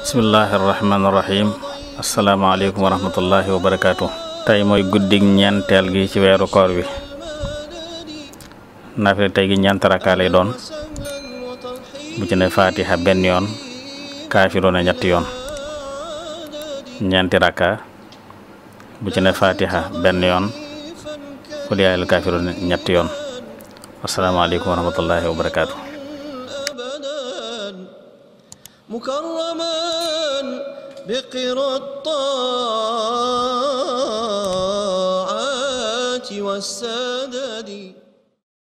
bismillaahi rahmaani rahiim asalaamaaleykum wa tey mooy guddig ñeenteel gi ci weeru koor wi naafila tey gi ñeent rakkaa lay doon bu ci ne faatiha benn yoon kaafiruuna ñetti yoon ñeenti rakkaa bu ci ne faatiha benn yoon qul yaa ayyuhal kaafiruuna ñetti yoon asalaamaaleykum wa rahmatullaahi wa مكرما بقرى الطاعات والسدد